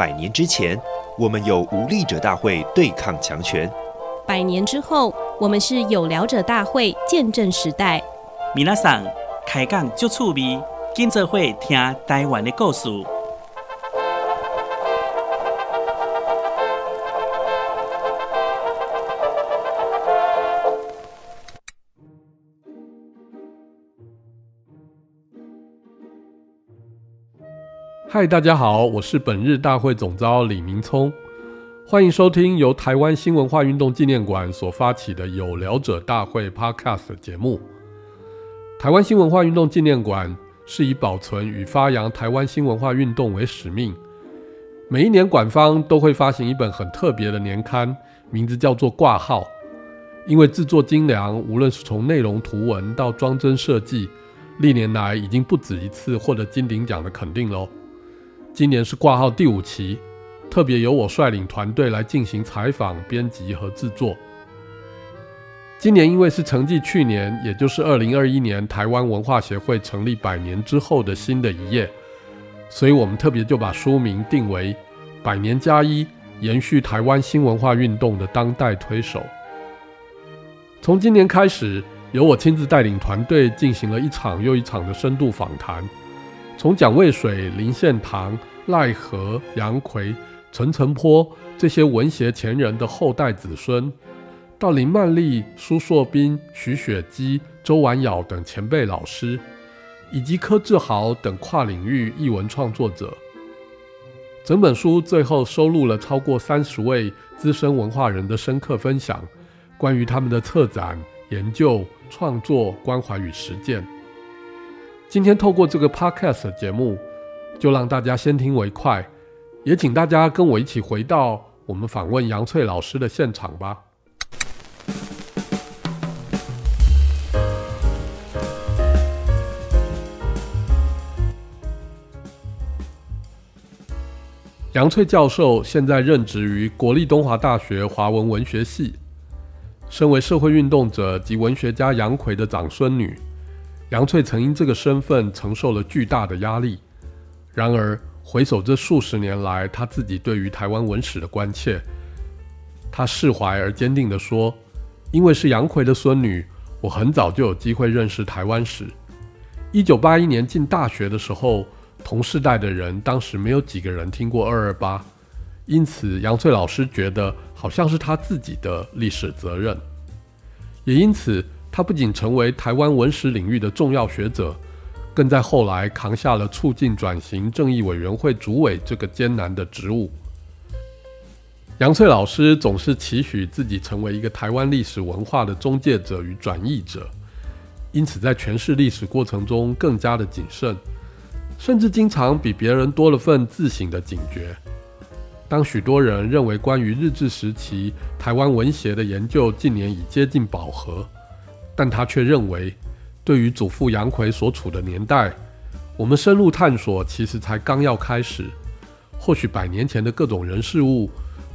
百年之前，我們有無力者大會對抗強權；百年之後，我們是有聊者大會見證時代。米娜桑開講就趣味，今則會聽台灣的故事。嗨，大家好，我是本日大會總召李明璁，歡迎收聽由台灣新文化運動紀念館所發起的有聊者大會 Podcast 的節目。台灣新文化運動紀念館是以保存與發揚台灣新文化運動為使命，每一年館方都會發行一本很特別的年刊，名字叫做《掛號》，因為製作精良，無論是從內容圖文到裝幀設計，歷年來已經不止一次獲得金鼎獎的肯定了。今年是掛號第五期，特別由我率領團隊來進行採訪、編輯和製作。今年因為是承繼去年，也就是二零二一年臺灣文化協會成立百年之後的新的一頁，所以我們特別就把書名定為《百年加一》，延續臺灣新文化運動的當代推手。從今年開始，由我親自帶領團隊進行了一場又一場的深度訪談。從蔣渭水、林獻堂、賴和、楊逵、陳澄波這些文學前人的後代子孫，到林曼麗、蘇碩斌、徐雪姬、周婉窈等前輩老師，以及柯志豪等跨領域藝文創作者，整本書最後收錄了超過三十位資深文化人的深刻分享，關於他們的策展、研究、創作、關懷與實踐。今天透過這個 podcast 節目，就讓大家先聽為快，也請大家跟我一起回到我們訪問楊翠老師的現場吧。楊翠教授現在任職於國立東華大學華文文學系，身為社會運動者及文學家楊逵的長孫女。楊翠曾因這個身份承受了巨大的壓力，然而回首這數十年來，她自己對於台灣文史的關切，她釋懷而堅定地說：“因為是楊逵的孫女，我很早就有機會認識台灣史。一九八一年進大學的時候，同世代的人當時沒有幾個人聽過二二八，因此楊翠老師覺得好像是她自己的歷史責任，也因此。”他不僅成為台灣文史領域的重要學者，更在後來扛下了促進轉型正義委員會主委這個艱難的職務。楊翠老師總是期許自己成為一個台灣歷史文化的中介者與轉譯者，因此在詮釋歷史過程中更加的謹慎，甚至經常比別人多了份自省的警覺。當許多人認為關於日治時期台灣文學的研究近年已接近飽和，但他卻認為，對於祖父楊逵所處的年代，我們深入探索其實才剛要開始。或許百年前的各種人事物，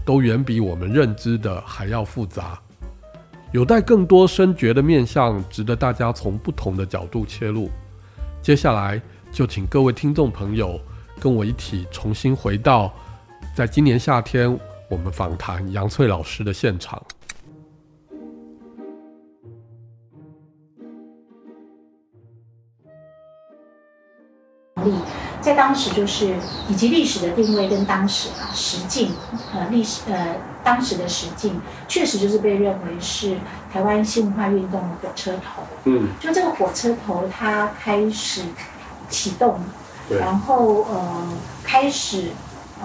都遠比我們認知的還要複雜，有待更多深掘的面向，值得大家從不同的角度切入。接下來就請各位聽眾朋友跟我一起重新回到，在今年夏天我們訪談楊翠老師的現場。在當時就是，以及歷史的定位跟當時啊，時境，呃，歷史呃，當時的時境，確實就是被認為是台灣新文化運動的火車頭。嗯，就這個火車頭，它開始啟動，然後呃，開始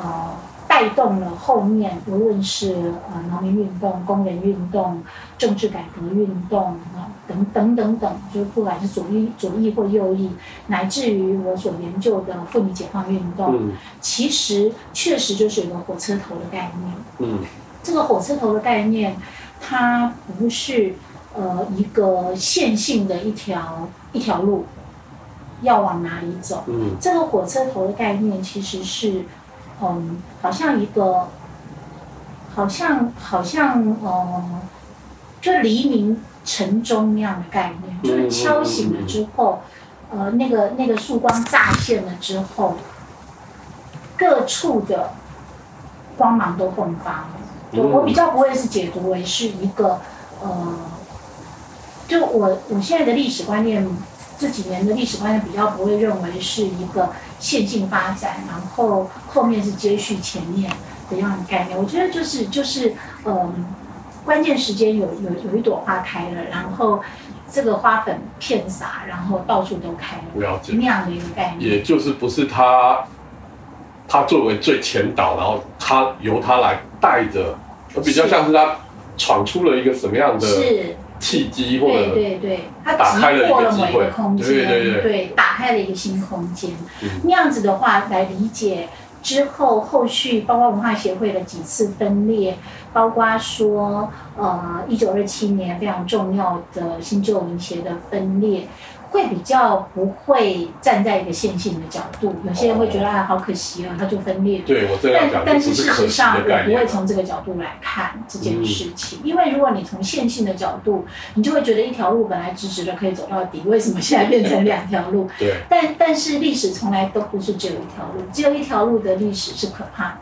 呃。帶動了後面無論是呃農民運動、工人運動、政治改革運動啊等、呃、等等等，就是不管是左翼、左翼或右翼，乃至於我所研究的婦女解放運動，嗯、其實確實就是一個火車頭的概念。嗯，這個火車頭的概念，它不是呃一個線性的一條一條路要往哪裡走。嗯、這個火車頭的概念其實是。嗯，好像一個，好像好像呃，就黎明晨鐘那樣的概念，嗯嗯、就是敲醒了之後，呃，那個那個曙光乍現了之後，各處的光芒都迸發了。我、嗯、我比較不會是解讀為是一個呃，就我我現在的歷史觀念。這幾年的歷史觀念比較不會認為是一個線性發展，然後後面是接續前面的樣的概念。我覺得就是就是，嗯、呃，關鍵時間有有有一朵花開了，然後這個花粉遍灑，然後到處都開了，不要緊。那樣的一個概念。也就是不是他，他作為最前導，然後他由他來帶着，比較像是他闖出了一個什麼樣的是。是契機，對對對，他打開了一個空間，對對對，打開了一個新空間。那樣子的話來理解之後，後續包括文化協會的幾次分裂，包括說呃，一九二七年非常重要的新舊文學的分裂。會比較不會站在一個線性的角度，有些人會覺得啊，好可惜啊，它就分裂了。對，我最愛講的就是可惜的概念。但但但是事實上，我不會從這個角度來看這件事情，嗯、因為如果你從線性的角度，你就會覺得一條路本來直直的可以走到底，為什麼現在變成兩條路？ 對。但但是歷史從來都不是只有一條路，只有一條路的歷史是可怕的，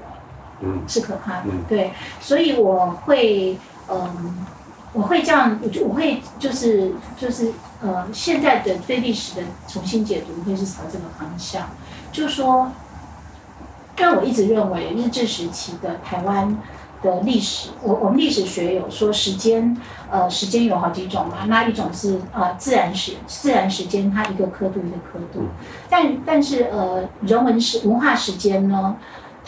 嗯，是可怕的。嗯、對，所以我會嗯，我會這樣，我就我會就是就是。呃，現在的對歷史的重新解讀，會是朝這個方向，就是說，但我一直認為日治時期的台灣的歷史，我我們歷史學有說時間，呃，時間有好幾種嘛，那一種是呃自然時自然時間，它一個刻度一個刻度，但但是呃，人文時文化時間呢？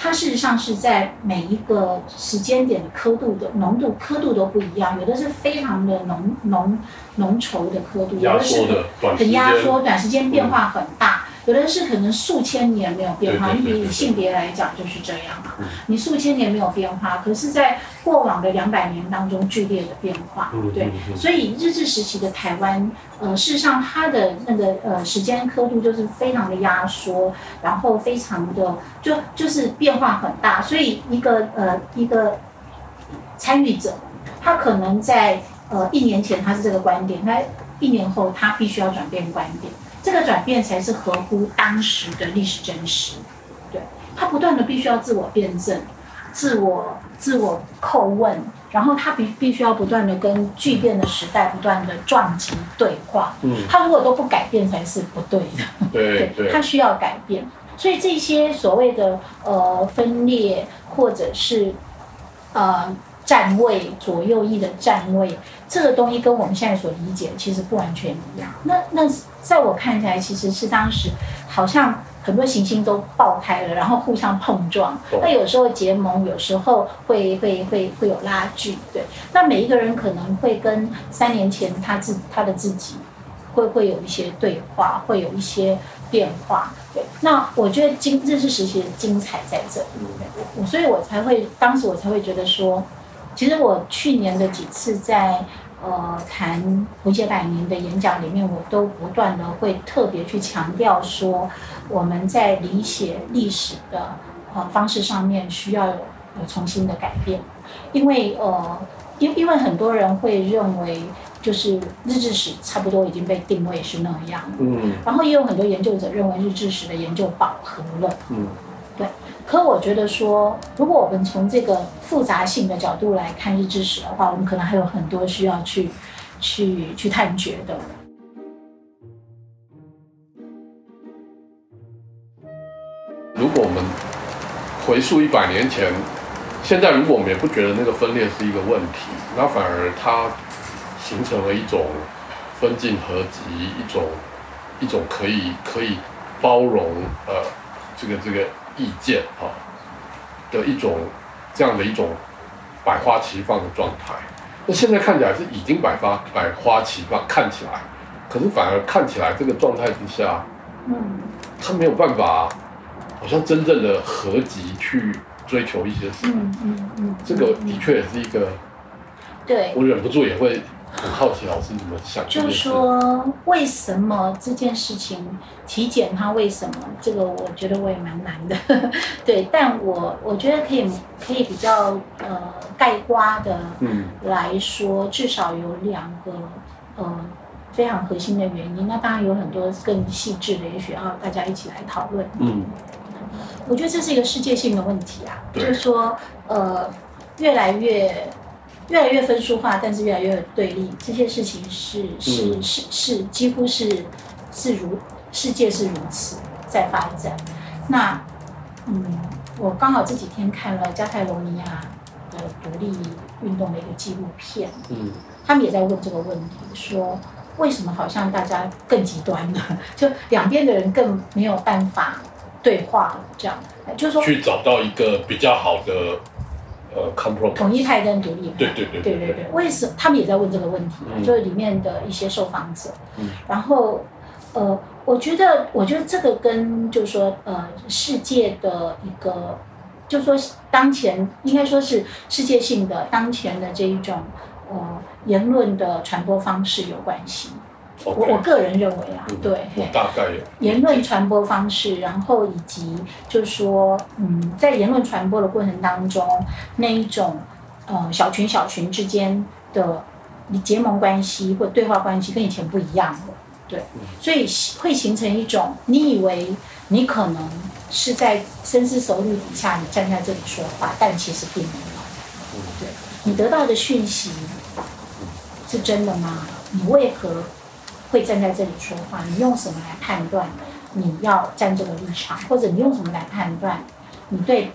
它事實上是在每一個時間點的刻度的濃度、刻度都不一樣，有的是非常的濃濃濃稠的刻度，有的是很壓縮、短時間變化很大。有的是可能數千年沒有變化，你以性別來講就是這樣嘛，嗯、你數千年沒有變化，可是，在過往的兩百年當中劇烈的變化，對，嗯嗯嗯，所以日治時期的台灣，呃，事實上它的那個呃時間刻度就是非常的壓縮，然後非常的就就是變化很大，所以一個呃一個參與者，他可能在呃一年前他是這個觀點，那一年後他必須要轉變觀點。這個轉變才是合乎當時的歷史真實，對，他不斷的必須要自我辯證，自我自我叩問，然後他必必須要不斷的跟巨變的時代不斷的撞擊對話。嗯，他如果都不改變才是不對的。對，對， 對，他需要改變。所以這些所謂的呃分裂或者是呃站位左右翼的站位，這個東西跟我們現在所理解其實不完全一樣。那那。在我看起來，其實是當時好像很多行星都爆開了，然後互相碰撞。那對有時候結盟，有時候會會會會有拉鋸。對，那每一個人可能會跟三年前他自他的自己會會有一些對話，會有一些變化。對，那我覺得今這是實習的精彩在這裡，所以我才會當時我才會覺得說，其實我去年的幾次在。呃，談文協百年的演講裡面，我都不斷的會特別去強調說，我們在理解歷史的呃方式上面需要有，有重新的改變，因為呃，因因為很多人會認為，就是日治史差不多已經被定位是那樣的，嗯，然後也有很多研究者認為日治史的研究飽和了，嗯。可我覺得說，如果我們從這個複雜性的角度來看日治史的話，我們可能還有很多需要去、去、去探掘的。如果我們回溯一百年前，現在如果我們也不覺得那個分裂是一個問題，那反而它形成了一種分進合擊，一種一種可以可以包容呃這個這個。這個意見哈，的一種，這樣的一種百花齊放的狀態，那現在看起來是已經百花百花齊放，看起來，可是反而看起來這個狀態之下，嗯，他沒有辦法，好像真正的合集去追求一些什麼，嗯嗯，這個的確也是一個，對，我忍不住也會。很好奇老師你們想。就是說 為什麼這件事情體檢他為什麼這個我覺得我也蠻難的， 對，但我我覺得可以可以比較呃概括的，嗯來說嗯至少有兩個呃非常核心的原因，那當然有很多更細緻的，也許要大家一起來討論。嗯，我覺得這是一個世界性的問題啊，對就是說呃越來越。越來越分數化，但是越來越對立，這些事情是是是是，是幾乎是是如世界是如此在發展。那嗯，我剛好這幾天看了加泰羅尼亞的獨立運動的一個紀錄片，嗯，他們也在問這個問題，說為什麼好像大家更極端呢？就兩邊的人更沒有辦法對話，這樣，就是說去找到一個比較好的。Uh, 統一派跟獨立派，對對對，對對對對。為什麼他們也在問這個問題啊？嗯、就是裡面的一些受訪者，嗯。然後，呃，我覺得，我覺得這個跟就是說，呃，世界的一個，就是說，當前應該說是世界性的當前的這一種，呃，言論的傳播方式有關係。我 Okay, 我個人認為啊，嗯、對，我大概有言論傳播方式，然後以及就是說，嗯，在言論傳播的過程當中，那一種呃小群小群之間的結盟關係或對話關係跟以前不一樣了，對，嗯、所以會形成一種你以為你可能是在深思熟慮底下你站在這裡說話，但其實並沒有，嗯、對你得到的訊息是真的嗎？你為何，會站在這裡說話，你用什麼來判斷你要站這個立場，或者你用什麼來判斷你對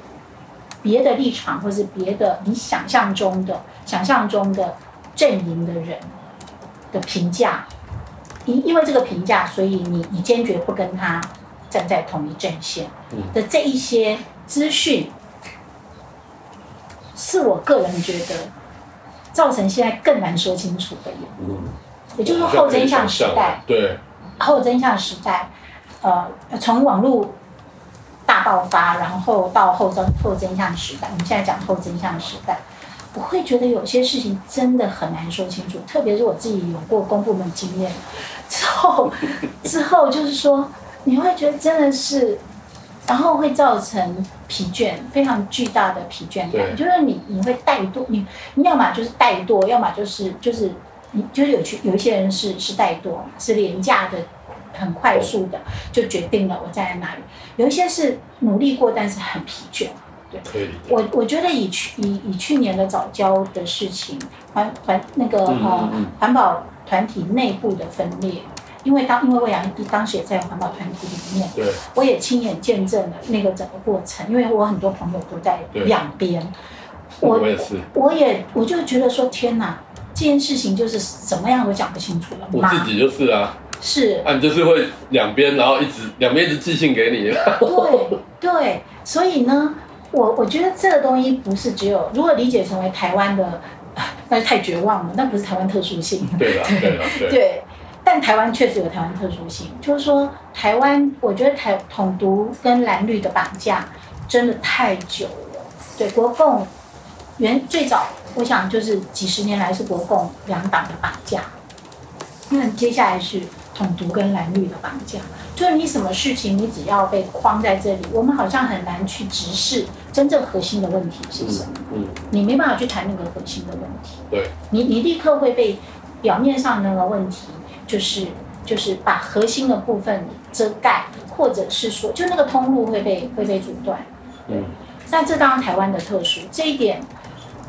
別的立場，或是別的你想象中的、想象中的陣營的人的評價？因因為這個評價，所以你你堅決不跟他站在同一陣線的這一些資訊，是我個人覺得造成現在更難說清楚的。也就是後真相時代，對，後真相時代，呃，從網絡大爆發，然後到後真後真相時代，我們現在講後真相時代，我會覺得有些事情真的很難說清楚，特別是我自己有過公部門經驗之後，之後就是說，你會覺得真的是，然後會造成疲倦，非常巨大的疲倦感，對，就是你你會怠惰，你你要麼就是怠惰，要麼就是就是。就是就是有去有一些人是是怠惰嘛，是廉價的、很快速的就決定了我站在，在哪裡。有一些是努力過，但是很疲倦。對，可以我我覺得以去以以去年的藻礁的事情環環那個呃環、哦嗯嗯嗯、保團體內部的分裂，因為當因為我當時也在環保團體裡面，對，我也親眼見證了那個整個過程，因為我很多朋友都在兩邊，對我我也我也我就覺得說天哪、啊。這件事情就是什麼樣都講不清楚了嘛，我自己就是啊，是啊，你就是會兩邊，然後一直兩邊一直寄信給你。對對，所以呢，我我覺得這個東西不是只有，如果理解成為台灣的，那就太絕望了，那不是台灣特殊性。對對對，對。但台灣確實有台灣特殊性，就是說台灣，我覺得台統獨跟藍綠的綁架真的太久了。對，國共原最早。我想就是幾十年來是國共兩黨的綁架，那、嗯、接下來是統獨跟藍綠的綁架，就是你什麼事情你只要被框在這裡，我們好像很難去直視真正核心的問題是什麼。嗯，你沒辦法去談那個核心的問題。對，你你立刻會被表面上那個問題，就是就是把核心的部分遮蓋，或者是說就那個通路會被會被阻斷。嗯，但這當然台灣的特殊這一點，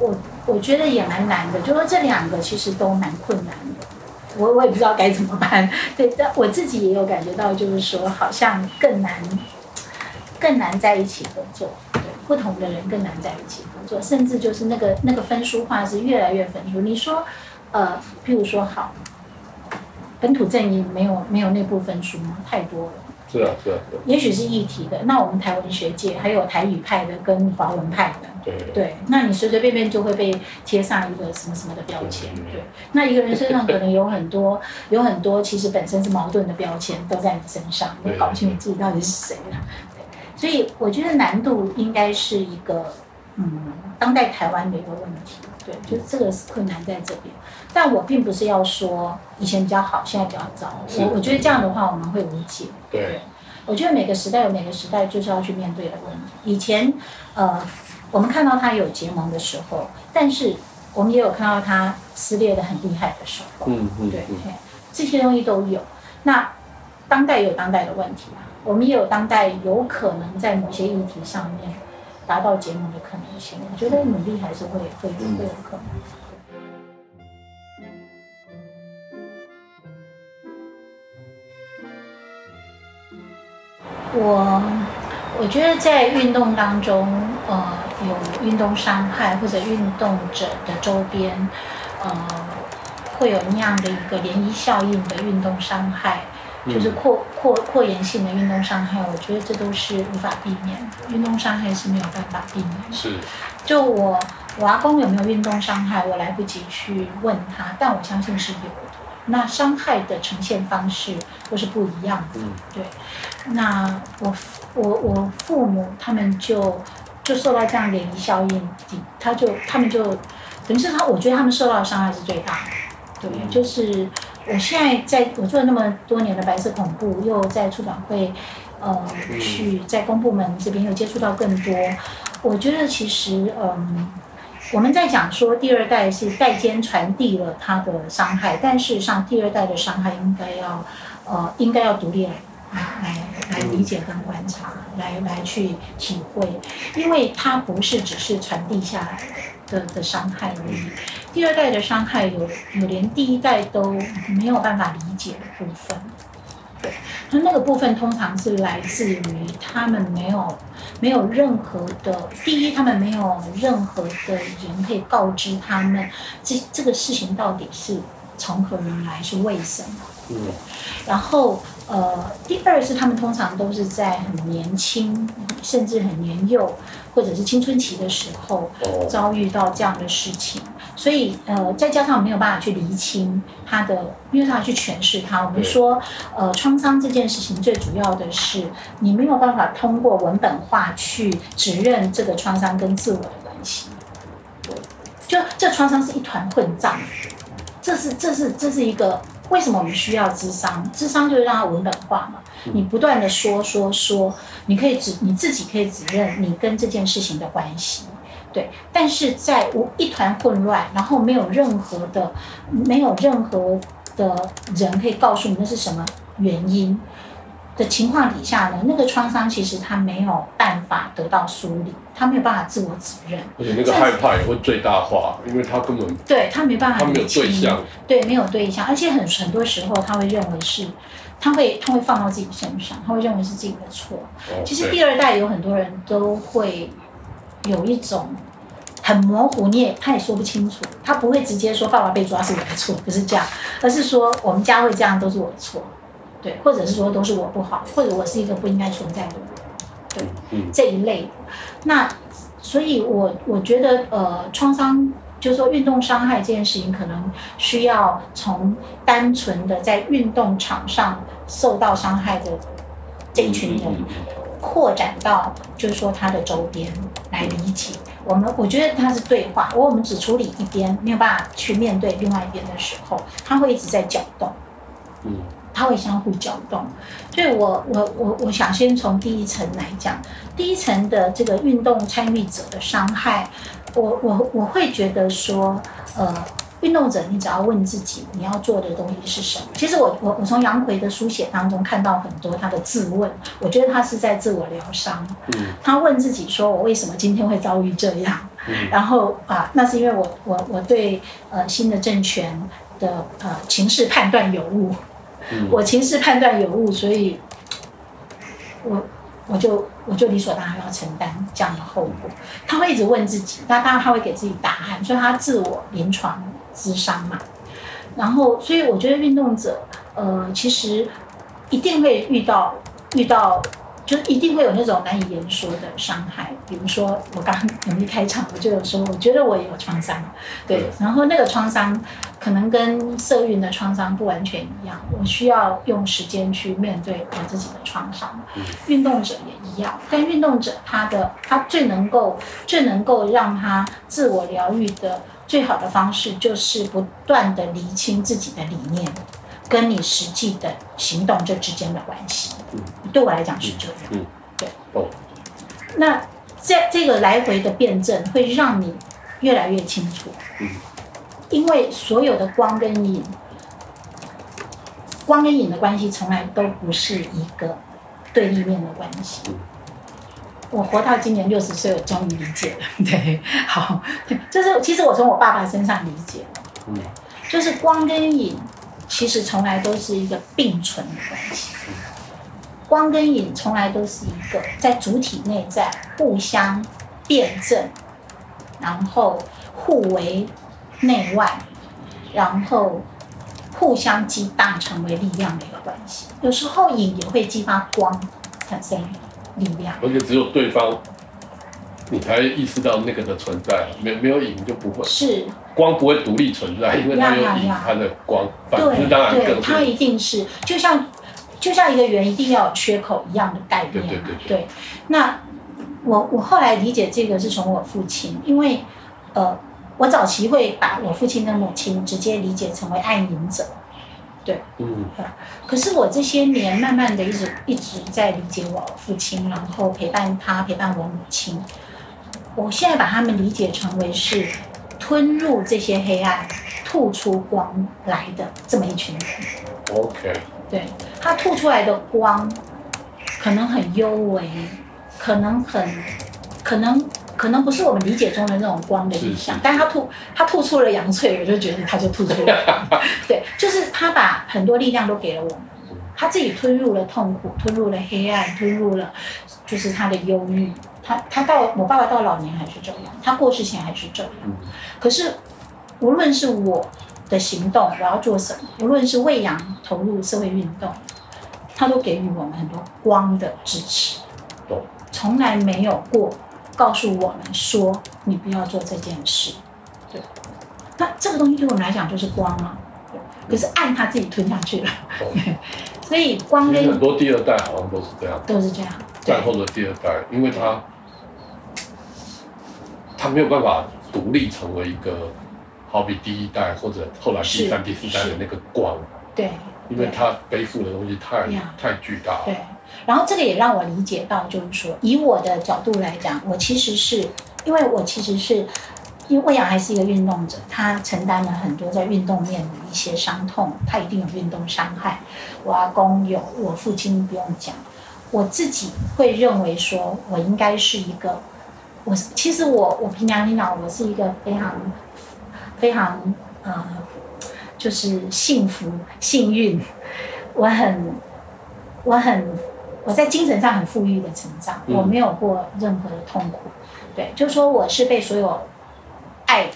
我。我覺得也蠻難的，就是、說這兩個其實都蠻困難的，我我也不知道該怎麼辦。對，但我自己也有感覺到，就是說好像更難，更難在一起合作，對，不同的人更難在一起合作，甚至就是那個那個分數化是越來越分數。你說，呃，譬如說好，本土陣營沒有沒有內部分數嗎？太多了。對是啊，是啊，是啊，也許是議題的，那我們台文學界還有台語派的跟華文派的，對，對，那你隨隨便便就會被貼上一個什麼什麼的標籤，對。那一個人身上可能有很多、 有很多，其實本身是矛盾的標籤都在你身上，你搞對不清楚自己到底是誰了，對。所以我覺得難度應該是一個，嗯，當代台灣的一個問題，對，就這個是困難在這邊。但我並不是要說以前比較好，現在比較糟。我我覺得這樣的話，我們會誤解。對，對我覺得每個時代有每個時代就是要去面對的問題。以前，呃，我們看到它有結盟的時候，但是我們也有看到它撕裂得很厲害的時候。嗯嗯對，嗯這些東西都有。那當代也有當代的問題啊，我們也有當代有可能在某些議題上面達到結盟的可能性。我覺得努力還是會、嗯、會，會有可能。我覺得在運動當中，呃，有運動傷害或者運動者的週邊，呃，會有那樣的一個漣漪效應的運動傷害，就是擴、嗯、擴擴延性的運動傷害。我覺得這都是無法避免的，運動傷害是沒有辦法避免的。是。就我我阿公有沒有運動傷害，我來不及去問他，但我相信是有的。那傷害的呈現方式都是不一樣的。嗯、對。那我。我我父母他們就就受到這樣漣漪效應，他就他們就，等於是他，我覺得他們受到的傷害是最大的。對，就是我現在在我做了那麼多年的白色恐怖，又在出版會，呃，去在公部門這邊又接觸到更多，我覺得其實嗯、呃，我們在講說第二代是代間傳遞了他的傷害，但事實上第二代的傷害應該要呃應該要獨立了理解跟觀察，來來去體會，因為它不是只是傳遞下來的的傷害而已。第二代的傷害有有連第一代都沒有辦法理解的部分，對，那那個部分通常是來自於他們沒有沒有任何的，第一他們沒有任何的人可以告知他們這這個事情到底是從何而來，是為什麼，嗯，然後。呃，第二是他們通常都是在很年輕，甚至很年幼，或者是青春期的時候遭遇到這樣的事情，所以呃，再加上我沒有辦法去釐清他的，沒有辦法去詮釋他。我們說，呃，創傷這件事情最主要的是你沒有辦法通過文本化去指認這個創傷跟自我的關係。對，就這創傷是一團混賬，這是這是這是一個。為什麼我們需要諮商？諮商就是讓它文本化嘛。你不斷的說說說，你可以指你自己可以指認你跟這件事情的關係。對，但是在無一團混亂，然後沒有任何的沒有任何的人可以告訴你那是什麼原因。的情況底下呢，那個創傷其實他沒有辦法得到梳理，他沒有辦法自我指認，而且那個害怕也會最大化，因為他根本，對，他沒辦法，他沒有對象，對，沒有對象，而且很很多時候他會認為是，他會他會放到自己身上，他會認為是自己的錯。Okay. 其實第二代有很多人都會有一種很模糊，你也他也說不清楚，他不會直接說爸爸被抓是我的錯，不是這樣，而是說我們家會這樣都是我的錯。對，或者是說都是我不好，或者我是一個不應該存在的人，對，這一類。那所以我，我我覺得，呃，創傷就是說運動傷害這件事情，可能需要從單純的在運動場上受到傷害的這一群人，嗯嗯嗯、擴展到就是說他的周邊來理解。我們我覺得他是對話，如果我們只處理一邊，沒有辦法去面對另外一邊的時候，他會一直在攪動。嗯。他會相互攪動，所以我我我我想先從第一層來講，第一層的這個運動參與者的傷害，我我我會覺得說，呃，運動者，你只要問自己，你要做的東西是什麼？其實我我我從楊逵的書寫當中看到很多他的自問，我覺得他是在自我療傷。嗯，他問自己說，我為什麼今天會遭遇這樣？然後啊，那是因為我我我對呃新的政權的呃情勢判斷有誤。 我情緒判斷有誤，所以我，我我就我就理所當然要承擔這樣的後果。他會一直問自己，他當然他會給自己答案，所以他自我臨床諮商嘛。然後，所以我覺得運動者，呃，其實一定會遇到遇到。就是一定會有那種難以言說的傷害。比如說我剛剛有一開場我就有說，我覺得我也有創傷，對，然後那個創傷可能跟社運的創傷不完全一樣，我需要用時間去面對我自己的創傷。運動者也一樣，但運動者他的他最能夠最能夠讓他自我療癒的最好的方式，就是不斷的釐清自己的理念，跟你實際的行動這之間的關係，嗯，對我來講是這樣，嗯，對，哦，那在這，這個來回的辯證，會讓你越來越清楚，嗯，因為所有的光跟影，光跟影的關係從來都不是一個對立面的關係。嗯，我活到今年六十歲，我終於理解了。對，好，就是其實我從我爸爸身上理解了，嗯，就是光跟影。其實從來都是一個並存的關係，光跟影從來都是一個在主體內在互相辯證，然後互為內外，然後互相激盪成為力量的一個關係。有時候影也會激發光產生力量，而且只有對方。你才意識到那個的存在，沒有沒有影就不會是光，不會獨立存在，因為它有影，它的光 yeah, yeah, yeah, 反之當然更它一定是，就像就像一個圓一定要有缺口一樣的概念、啊。對對對，對，對，那我我後來理解這個是從我父親，因為呃我早期會把我父親跟母親直接理解成為暗影者，對，嗯，嗯，對，可是我這些年慢慢的一直一直在理解我父親，然後陪伴他，陪伴我母親。我現在把他們理解成為是吞入這些黑暗，吐出光來的這麼一群人。OK。對，他吐出來的光可能很幽微，可能很可能可能不是我們理解中的那種光的理想，是是但是他吐他吐出了楊翠，我就覺得他就吐出了。 對，就是他把很多力量都給了我們，他自己吞入了痛苦，吞入了黑暗，吞入了就是他的憂鬱。他他到我爸爸到老年還是這樣，他過世前還是這樣。可是無論是我的行動，我要做什麼，無論是餵養、投入社會運動，他都給予我們很多光的支持。對，從來沒有過告訴我們說你不要做這件事。對。那這個東西對我們來講就是光啊。可是暗他自己吞下去了。哦、 所以光跟很多第二代好像都是這樣。都是這樣。戰後的第二代，因為他。他沒有辦法獨立成為一個，好比第一代或者後來第三、第四代的那個光，對，因為他背負的東西太太巨大了。對，然後這個也讓我理解到，就是說，以我的角度來講，我其實是因為我其實是因為我陽還是一個運動者，他承擔了很多在運動面的一些傷痛，他一定有運動傷害。我阿公有，我父親不用講，我自己會認為說我應該是一個。我其實我我憑良心講，我是一個非常、嗯、非常呃，就是幸福幸運，我很我很我在精神上很富裕的成長，我沒有過任何的痛苦，嗯、對，就是、說我是被所有愛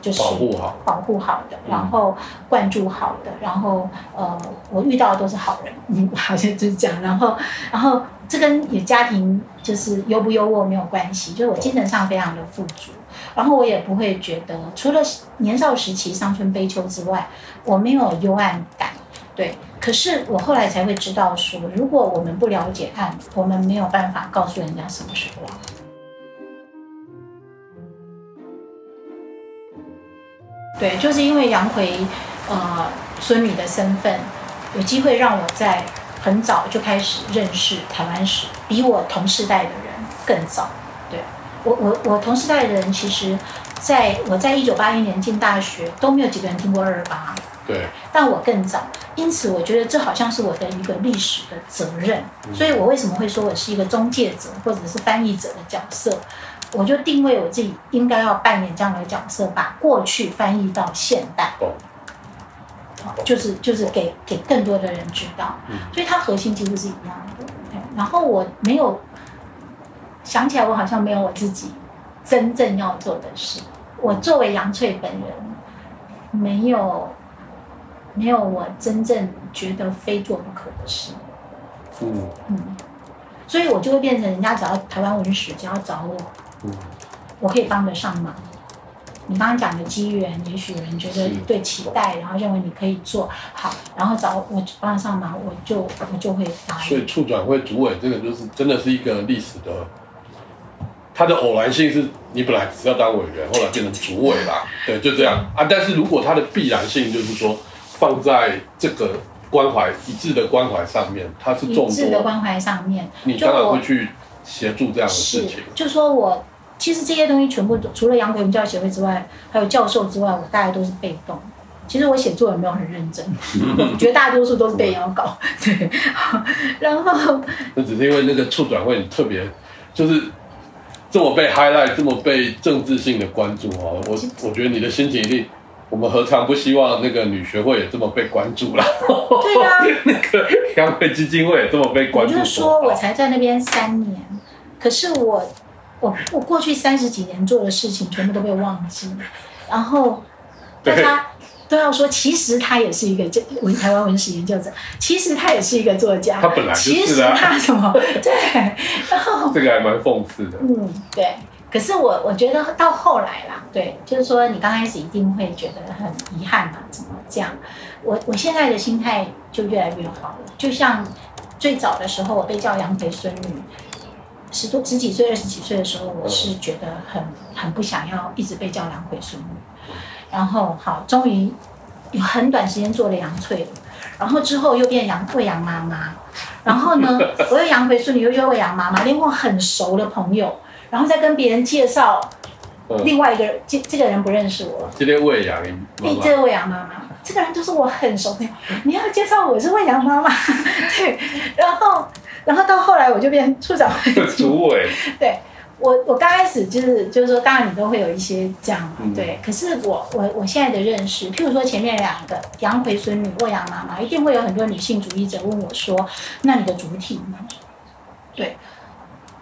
就是保護好保護好的，然後灌注好的，嗯、然後呃，我遇到的都是好人，嗯、好像就是這樣，然後然後。這跟你家庭就是優不優渥，沒有關係，就是我精神上非常的富足，然後我也不會覺得，除了年少時期傷春悲秋之外，我沒有幽暗感。對，可是我後來才會知道說，如果我們不了解暗，我們沒有辦法告訴人家什麼是光。對，就是因為楊逵，呃，孫女的身份，有機會讓我在。很早就開始認識台灣史，比我同世代的人更早。對我，我，我同世代的人，其實在我在一九八一年進大學，都沒有幾個人聽過二二八。對，但我更早，因此我覺得這好像是我的一個歷史的責任。嗯、所以，我為什麼會說我是一個中介者或者是翻譯者的角色？我就定位我自己應該要扮演這樣的角色，把過去翻譯到現代。哦就是就是給給更多的人知道，嗯，所以它核心其實是一樣的，對。然後我沒有想起來，我好像沒有我自己真正要做的事。我作為楊翠本人，沒有沒有我真正覺得非做不可的事。嗯嗯，所以我就會變成人家只要台灣文史，只要找我，嗯，我可以幫得上忙。你剛剛講的機緣，也許人覺得對期待，是然後認為你可以做好，然後找我幫他上忙，我就我就會答應。所以，促轉會主委這個就是真的是一個歷史的，它的偶然性是你本來只要當委員，後來變成主委啦，對，就這樣對啊。但是如果它的必然性，就是說放在這個關懷一致的關懷上面，它是一致的關懷上面，你當然會去協助這樣的事情。就，是，就說我。其實這些東西全部都除了楊逵文教協會之外，還有教授之外，我大概都是被動。其實我寫作也沒有很認真， 絕大多數都是被邀稿。 對，然後那只是因為那個促轉會你特別，就是這麼被 highlight，這麼被政治性的關注、哦、我我覺得你的心情一定，我們何嘗不希望那個女學會也這麼被關注了？ 對啊， 那個楊逵基金會也這麼被關注。我就是說我才在那邊三年，可是我。我，我過去三十幾年做的事情全部都被忘記，然後大家對都要說，其實他也是一個文台灣文史研究者，其實他也是一個作家，他本來、啊、其實是他什麼？ 對，然後這個還蠻諷刺的。嗯，對。可是我我覺得到後來啦，對，就是說你剛開始一定會覺得很遺憾嘛，怎麼這樣？我我現在的心態就越來越好了，就像最早的時候，我被叫“楊逵孫女”。十多十幾歲、二十幾歲的時候，我是覺得很很不想要一直被叫“楊逵孫女”。然後好，終於有很短時間做了楊翠了，然後之後又變楊魏揚媽媽。然後呢，我又楊逵孫女，又又魏揚媽媽，連我很熟的朋友，然後再跟別人介紹另外一個、嗯、這這個人不認識我，今天魏揚，你今天魏揚媽媽，這個人就是我很熟的，你要介紹我是魏揚媽媽，對，然後。然後到後來，我就變處長。主委。對，我我剛開始就是就是說，當然你都會有一些這樣對。嗯、可是我我我現在的認識，譬如說前面兩個楊逵孫女、魏揚媽媽，一定會有很多女性主義者問我說：“那你的主體呢？”對，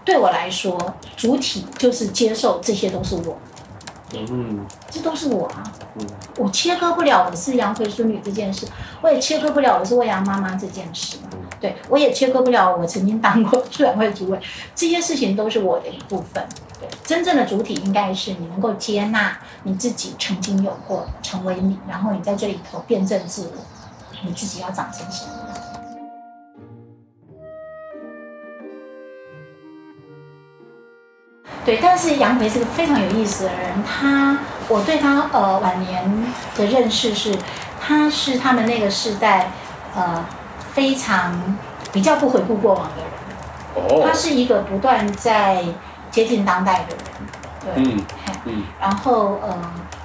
對我來說，主體就是接受這些都是我。嗯。這都是我啊。嗯。我切割不了的是楊逵孫女這件事，我也切割不了的是魏揚媽媽這件事。嗯對，我也切割不了。我曾經當過促轉會主委，這些事情都是我的一部分對。真正的主體應該是你能夠接納你自己曾經有過成為你，然後你在這裡頭辯證自我，你自己要長成什麼樣？對，但是楊逵是個非常有意思的人，他我對他呃晚年的認識是，他是他們那個時代呃。非常比較不回顧過往的人，他是一個不斷在接近當代的人，對。嗯，嗯，然後呃，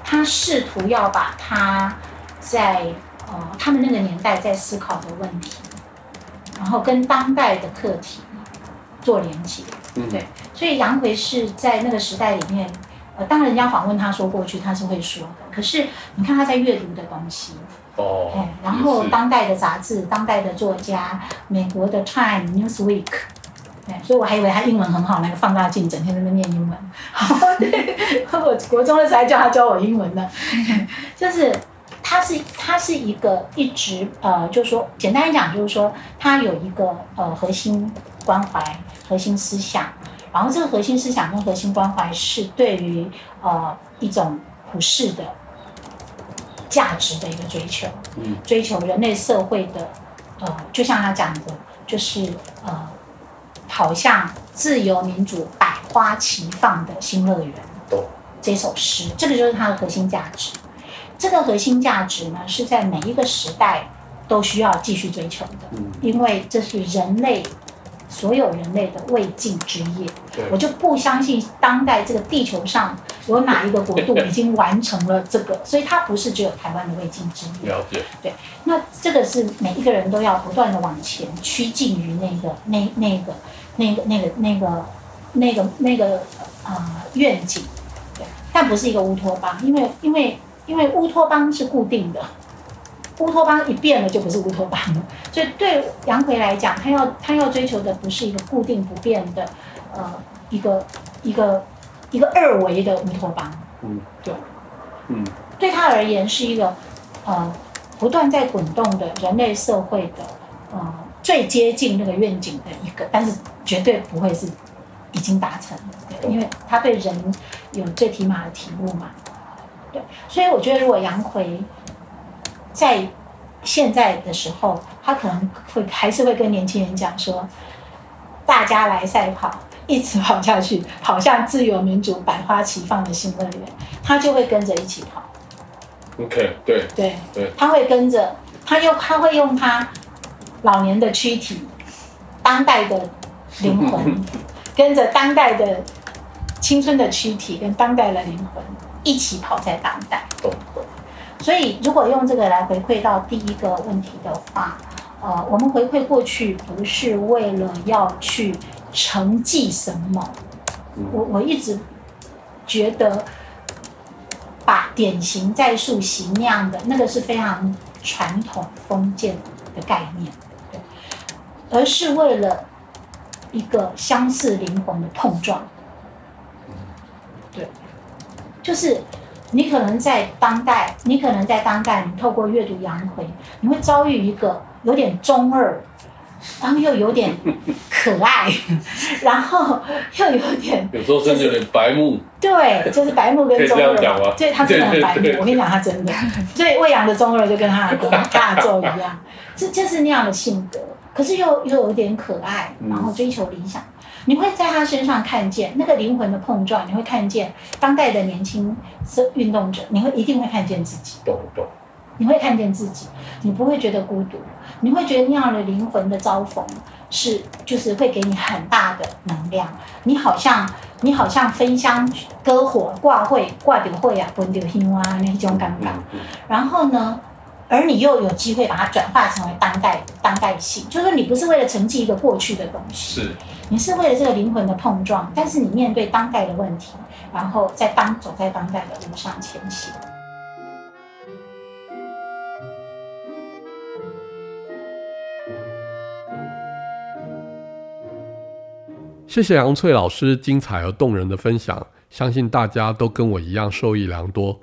他試圖要把他在、呃、他們那個年代在思考的問題，然後跟當代的課題做連接，嗯、對，所以楊逵是在那個時代裡面，呃、當人家訪問他說過去他是會說的，可是你看他在閱讀的東西。哎，oh, 然後當代的雜誌、當代的作家、美國的《Time》《Newsweek》，哎，所以我還以為他英文很好，那個放大鏡整天在那念英文好。對，我國中的時候還叫他教我英文呢。就是，他是他是一個一直呃，就是說，簡單來講，就是說他有一個呃核心關懷、核心思想，然後這個核心思想跟核心關懷是對於呃一種普世的。價值的一個追求，嗯，追求人類社會的，呃，就像他講的，就是呃，跑向自由民主、百花齊放的新樂園。這首詩，這個就是它的核心價值。這個核心價值呢，是在每一個時代都需要繼續追求的，因為這是人類。所有人類的未竟之業，對我就不相信當代這個地球上有哪一個國度已經完成了這個， 所以它不是只有台灣的未竟之業。了解，對，那這個是每一個人都要不斷的往前趨近於那個那那個那個那個那個那個那個那個啊、那個、呃願景，對，但不是一個烏托邦，因為因為因為烏托邦是固定的。烏托邦一變了就不是烏托邦了，所以對楊逵來講，他要他要追求的不是一個固定不變的，呃，一個一個一個二維的烏托邦。對嗯，對，嗯，對他而言是一個呃不斷在滾動的人類社會的呃最接近那個願景的一個，但是絕對不會是已經達成了，對，因為他對人有最起碼的體悟嘛。對，所以我覺得如果楊逵。在現在的時候，他可能會還是會跟年輕人講說：“大家來賽跑，一直跑下去，跑向自由民主、百花齊放的新樂園。”他就會跟着一起跑。OK，對對對，對他會跟着，他又他會用他老年的軀體、當代的靈魂， 跟着當代的青春的軀體跟當代的靈魂一起跑在當代。Oh. 所以，如果用這個來回饋到第一個問題的話，呃，我們回饋過去不是為了要去承繼什麼，嗯、我我一直覺得把典型在夙昔那樣的那個是非常傳統封建的概念，對，而是為了一個相似靈魂的碰撞，對，嗯、就是。你可能在當代，你可能在當代，你透過閱讀楊逵你會遭遇一個有點中二，然後又有點可愛，然後又有點、就是，有時候甚至有點白目。對，就是白目跟中二。可以這樣講嗎？對，他真的很白目。對對對對，我跟你講，他真的。所以魏揚的中二就跟他的大作一樣，這就是那樣的性格。可是又又有點可愛，然後追求理想。嗯你會在他身上看見那個靈魂的碰撞，你會看見當代的年輕運動者，你會一定會看見自己。你會看見自己，你不會覺得孤獨，你會覺得那樣的靈魂的遭逢是就是會給你很大的能量。你好像你好像分香、割火、掛會、掛的會啊、滾的香啊那種感覺。然後呢，而你又有機會把它轉化成為當代當代性，就是你不是為了承繼一個過去的東西。是。你是為了這個靈魂的碰撞，但是你面對當代的問題，然後在當走在當代的路上前行。謝謝楊翠老師精彩而動人的分享，相信大家都跟我一樣受益良多。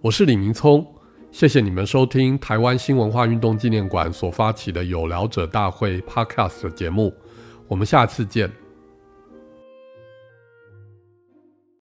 我是李明璁，謝謝你們收聽台灣新文化運動紀念館所發起的有聊者大會 Podcast 的節目。我們下次見。